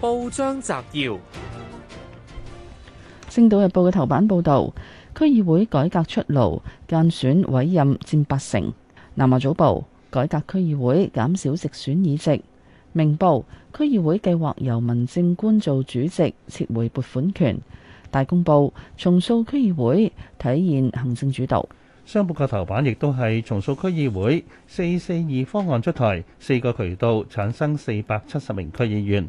報章摘要：《星島日報》嘅頭版報道區議會改革出爐，間選委任佔八成。南華早報改革區議會，減少直選議席。明報區議會計劃由民政官做主席，撤回撥款權。大公報重塑區議會，體現行政主導。商報嘅頭版亦都係重塑區議會，四四二方案出台，四個渠道產生四百七十名區議員。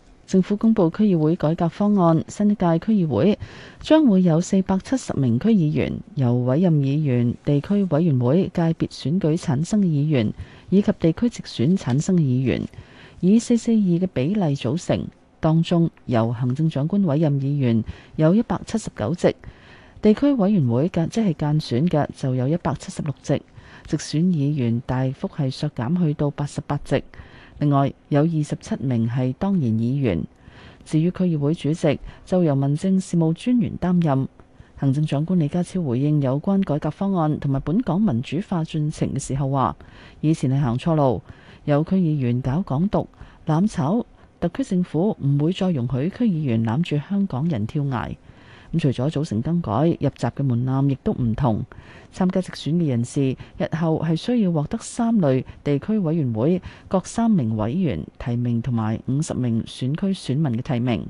政府公布區議會改革方案，新一屆區議會將會有四百七十名區議員，由委任議員、地區委員會界別選舉產生嘅議員，以及地區直選產生嘅議員，以四四二嘅比例組成。當中由行政長官委任議員有一百七十九席，地區委員會嘅即係間選嘅就有一百七十六席，直選議員大幅係削減去到八十八席。另外有二十七名係當然議員，至於區議會主席就由民政事務專員擔任。行政長官李家超回應有關改革方案同埋本港民主化進程嘅時候話：以前係行錯路，有區議員搞港獨、攬炒，特區政府唔會再容許區議員攬住香港人跳崖。咁除咗組成更改，入閘嘅門檻亦都唔同。參加直選嘅人士，日後係需要獲得三類地區委員會各三名委員提名同埋五十名選區選民嘅提名。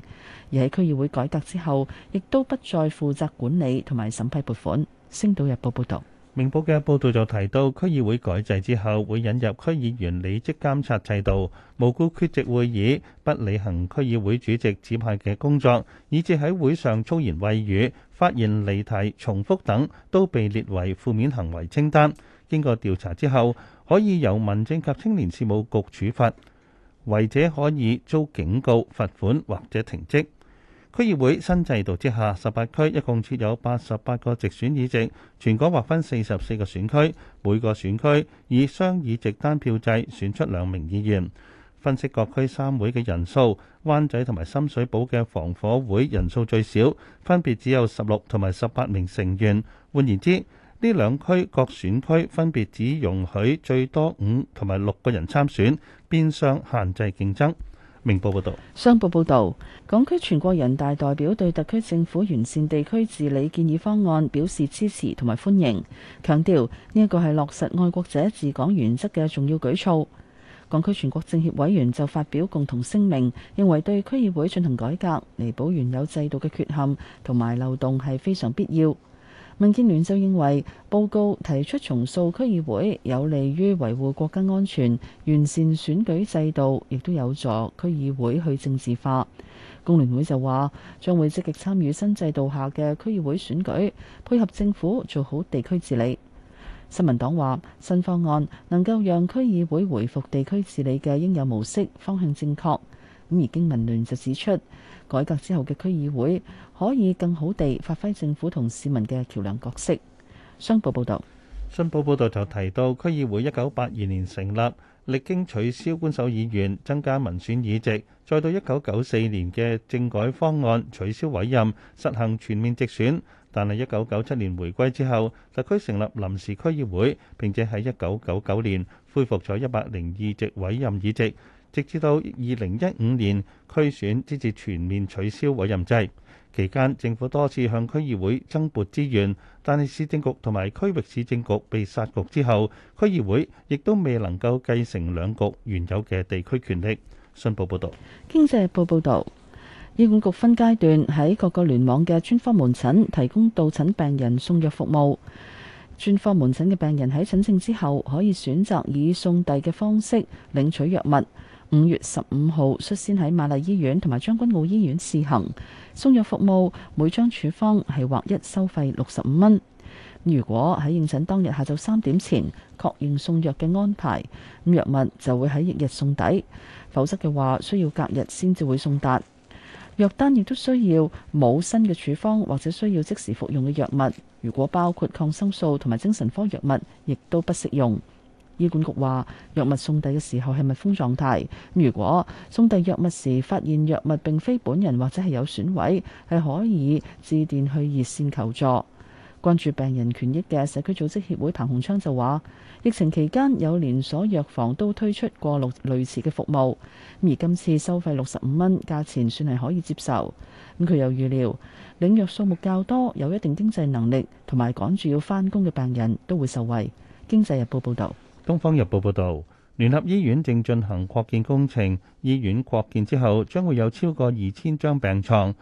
而喺區議會改革之後，亦都不再負責管理同埋審批撥款。星島日報報道。明報嘅報道就提到，區議會改制之後，會引入區議員履職監察制度，無故缺席會議、不履行區議會主席指派嘅工作，以至喺會上粗言穢語、發言離題、重複等，都被列為負面行為清單。經過調查之後，可以由民政及青年事務局處罰，違者可以遭警告、罰款或者停職。區議會新制度之下，十八區一共設有八十八個直選議席，全港劃分四十四個選區，每個選區以雙議席單票制選出兩名議員。分析各區三會嘅人數，灣仔同埋深水埗嘅防火會人數最少，分別只有十六同埋十八名成員。換言之，呢兩區各選區分別只容許最多五同埋六個人參選，變相限制競爭。明報報道，商報報道，港區全國人大代表對特區政府完善地區治理建議方案表示支持同埋歡迎，強調呢一個係落實愛國者治港原則嘅重要舉措。港區全國政協委員就發表共同聲明，認為對區議會進行改革，彌補原有制度嘅缺陷同埋漏洞係非常必要。民建聯就認為報告提出重塑區議會有利於維護國家安全，完善選舉制度，亦都有助區議會去政治化。工聯會就話將會積極參與新制度下嘅區議會選舉，配合政府做好地區治理。新民黨話新方案能夠讓區議會回復地區治理嘅應有模式，方向正確。咁而經民聯就指出，改革之後嘅區議會可以更好地發揮政府同市民嘅橋梁角色。商報報道，商報報道就提到，區議會一九八二年成立，歷經取消官守議員、增加民選議席，再到一九九四年嘅政改方案取消委任，實行全面直選。但係一九九七年回歸之後，特區成立臨時區議會，並且喺一九九九年恢復咗一百零二席委任議席。直至到二零一五年區選，直至全面取消委任制期間，政府多次向區議會增撥資源，但係市政局同埋區域市政局被殺局之後，區議會亦都未能夠繼承兩局原有嘅地區權力。信報報導，經濟報報道：醫管局分階段喺各個聯網嘅專科門診提供到診病人送藥服務。專科門診嘅病人喺診症之後，可以選擇以送遞嘅方式領取藥物。五月十五號率先喺瑪麗醫院同埋將軍澳醫院試行送藥服務，每張處方係劃一收費六十五蚊。如果喺應診當日下晝三點前確認送藥嘅安排，咁藥物就會喺翌日送抵；否則嘅話，需要隔日先至會送達。藥單亦都需要冇新嘅處方或者需要即時服用嘅藥物。如果包括抗生素同埋精神科藥物，亦都不適用。醫管局話：藥物送遞嘅時候係密封狀態。如果送遞藥物時發現藥物並非本人或者係有損毀，係可以致電去熱線求助。關注病人權益嘅社區組織協會彭洪昌就話：疫情期間有連鎖藥房都推出過六類似嘅服務。而今次收費六十五蚊，價錢算係可以接受。咁佢又預料，領藥數目較多、有一定經濟能力同埋趕住要返工嘅病人都會受惠。經濟日報報導。《東方日報》報導，聯合醫院正進行擴建工程，醫院擴建之後將會有超過二千張病床。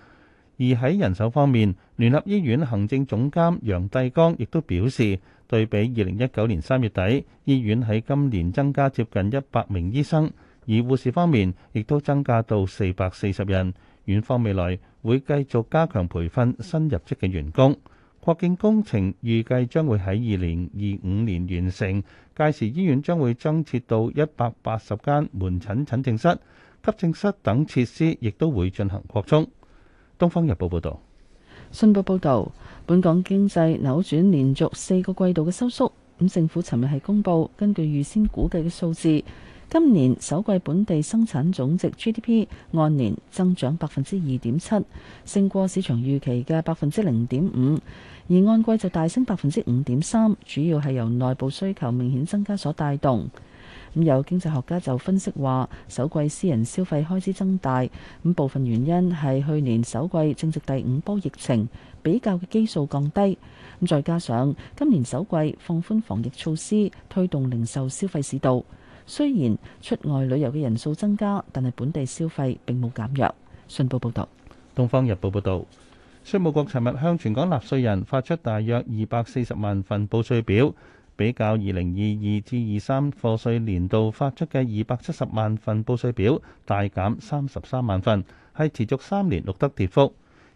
而喺人手方面，聯合醫院行政總監楊帝剛亦都表示，對比二零一九年三月底，醫院喺今年增加接近一百名醫生，而護士方面亦都增加到四百四十人。院方未來會繼續加強培訓新入職嘅員工。擴建工程預計將會喺二零二五年完成，屆時醫院將會增設到一百八十間門診診症室、急症室等設施，亦都會進行擴充。東方日報報道，信報報道，本港經濟扭轉連續四個季度嘅收縮，咁政府尋日係公布，根據預先估計嘅數字。今年首季本地生產總值 GDP 按年增長百分之二點七，勝過市場預期嘅百分之零點五，而按季就大升百分之五點三，主要係由內部需求明顯增加所帶動。咁、嗯、有經濟學家就分析話，首季私人消費開支增大，咁部分原因係去年首季正值第五波疫情，比較嘅基數降低，咁再加上今年首季放寬防疫措施，推動零售消費市道。雖然出外旅遊嘅人數增加，但係本地消費並冇減弱。信報報道，《東方日報》報道，稅務局尋日向全港納稅人發出大約二百四十萬份報稅表，比較二零二二至二三課稅年度發出嘅二百七十萬份報稅表，大減三十三萬份，係持續三年錄得跌幅。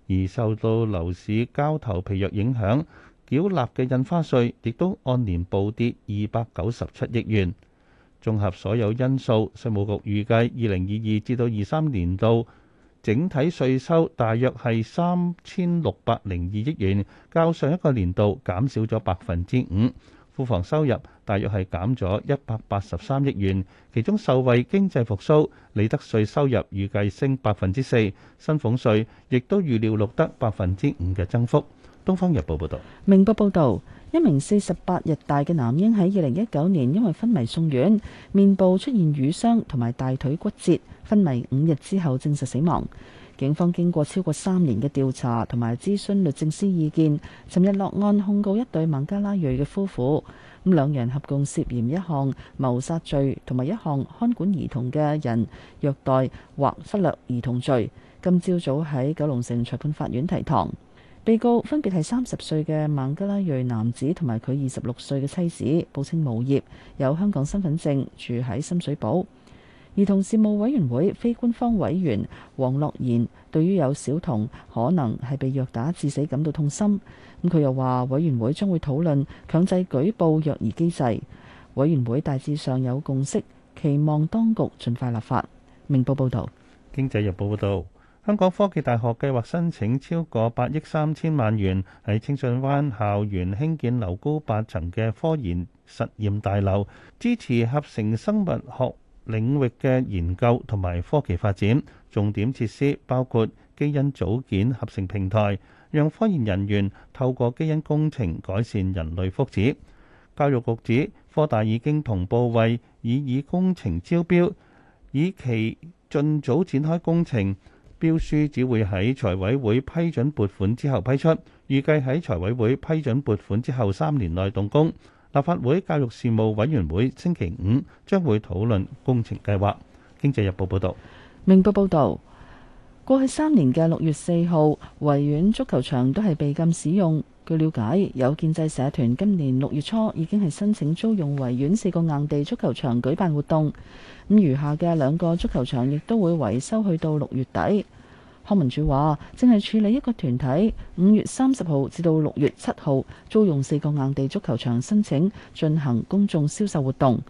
而受到樓市交投疲弱影響，繳納嘅印花稅亦都按年暴跌二百九十七億元。綜合所有因素，稅務局預計2022至到23年度整體稅收大約係三千六百零二億元，較上一個年度減少咗百分之五。庫房收入大約係減咗一百八十三億元，其中受惠經濟復甦，利得稅收入預計升百分之四，薪俸稅亦都預料錄得百分之五嘅增幅。《東方日報》報道，《明報》報道。一名四十八日大嘅男嬰喺二零一九年因為昏迷送院，面部出現瘀傷同埋大腿骨折，昏迷五日之後證實死亡。警方經過超過三年嘅調查同埋諮詢律政司意見，尋日落案控告一對孟加拉裔嘅夫婦，咁兩人合共涉嫌一項謀殺罪同埋一項看管兒童嘅人虐待或忽略兒童罪。今朝早喺九龍城裁判法院提堂。被告分別係三十歲嘅孟加拉裔男子同埋佢二十六歲嘅妻子，報稱無業，有香港身份證，住喺深水埗。兒童事務委員會非官方委員黃樂賢對於有小童可能係被虐打致死感到痛心。咁、嗯、佢又話，委員會將會討論強制舉報虐兒機制。委員會大致上有共識，期望當局盡快立法。明報報導，經濟日報報導。香港科技大學計劃申請超過八億三千萬元，喺清水灣校園興建樓高八層嘅科研實驗大樓，支持合成生物學領域嘅研究同埋科技發展。重點設施包括基因組件合成平台，讓科研人員透過基因工程改善人類福祉。教育局指科大已經同步為已以工程招標，以期盡早展開工程。標書只會喺財委會批准撥款之後批出，預計喺財委會批准撥款之後三年內動工。立法會教育事務委員會星期五將會討論工程計劃。經濟日報報道，明報報道。過去三年嘅六月四號，維園足球場都係被禁使用。據了解，有建制社團今年六月初已經係申請租用維園四個硬地足球場舉辦活動。咁餘下嘅兩個足球場亦都會維修，去到六月底。康文署話，正係處理一個團體五月三十號至到六月七號租用四個硬地足球場，申請進行公眾銷售活動。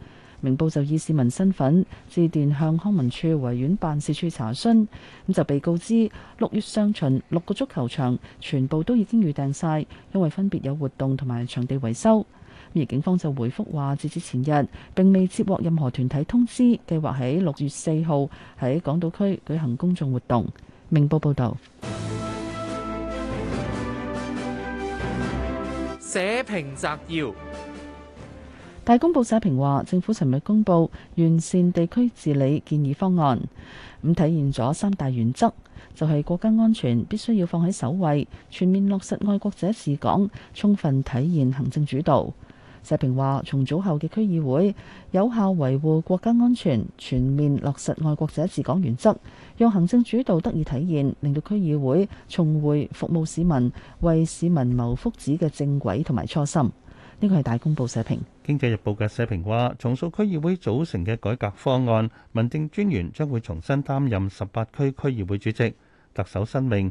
明報就以市民身份致電向康文署維園辦事處查詢，咁就被告知六月上旬六個足球場全部都已經預訂晒，因為分別有活動同埋場地維修。而警方就回覆話，截至前日並未接獲任何團體通知，計劃喺六月四號喺港島區舉行公眾活動。明報報道。社評摘要。大公報社評話，政府尋日公布完善地區治理建議方案，咁體現咗三大原則，就係國家安全必須要放喺首位，全面落實愛國者治港，充分體現行政主導。社評話，重組後嘅區議會有效維護國家安全，全面落實愛國者治港原則，讓行政主導得以體現，令到區議會重回服務市民、為市民謀福祉嘅正軌同埋初心。呢個係大公報社評。經濟日報嘅社評話，重塑區議會組成嘅改革方案，民政專員將會重新擔任十八區區議會主席，特首申明，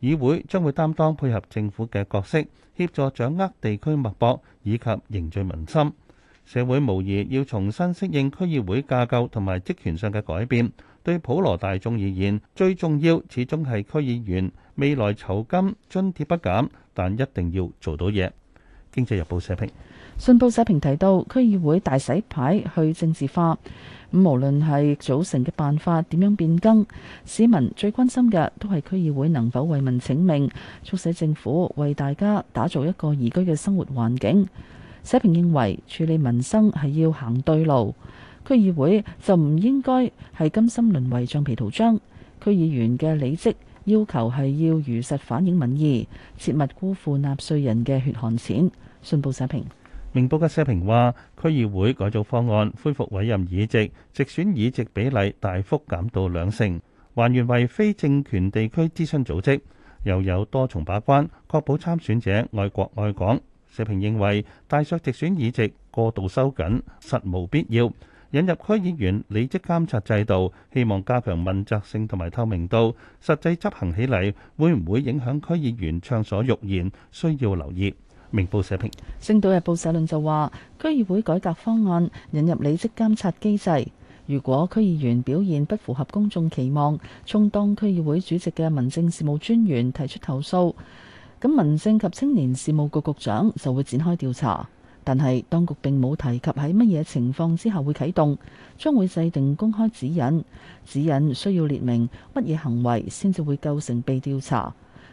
議會將會擔當配合政府嘅角色，協助掌握地區脈搏以及凝聚民心。社會無疑要重新適應區議會架構同埋職權上嘅改變，對普羅大眾而言，最重要始終係區議員未來酬金津貼不減，但一定要做到嘢。《經濟日報》社評，信報社評提到區議會大洗牌去政治化，咁無論係組成嘅辦法點樣變更，市民最關心嘅都係區議會能否為民請命，促使政府為大家打造一個宜居嘅生活環境。社評認為處理民生係要行對路，區議會就唔應該係甘心淪為橡皮圖章，區議員嘅理職。要求係要如實反映民意，切勿辜負納稅人嘅血汗錢。信報社評，明報嘅社評話，區議會改造方案恢復委任議席，直選議席比例大幅減到兩成，還原為非政權地區諮詢組織，又有多重把關，確保參選者愛國愛港。社評認為大削直選議席過度收緊，實無必要。引入區議員履職監察制度，希望加強問責性同埋透明度。實際執行起嚟會唔會影響區議員暢所欲言，需要留意。明報社評，《星島日報》社論就話：區議會改革方案引入履職監察機制，如果區議員表現不符合公眾期望，充當區議會主席嘅民政事務專員提出投訴，咁民政及青年事務局局長就會展開調查。但係，當局並冇提及喺乜嘢情況之下會啟動，將會制定公開指引。指引需要列明乜嘢行為先至會構成被調查，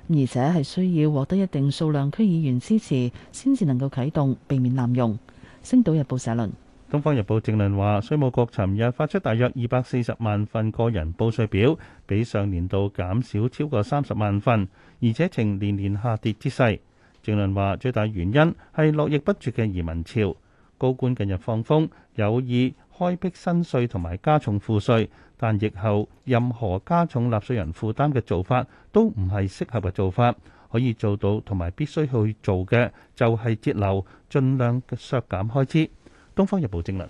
而且係需要獲得一定數量區議員支持，先至能夠啟動，避免濫用。星島日報社論。東方日報正論話，稅務局尋日發出大約二百四十萬份個人報稅表，比上年度減少超過三十萬份，而且呈年年下跌之勢。正論話最大原因係絡繹不絕嘅移民潮。高官近日放風，有意開闢新稅同埋加重賦稅，但疫後任何加重納稅人負擔嘅做法都唔係適合嘅做法。可以做到同埋必須去做嘅就係節流，盡量削減開支。《東方日報》正論。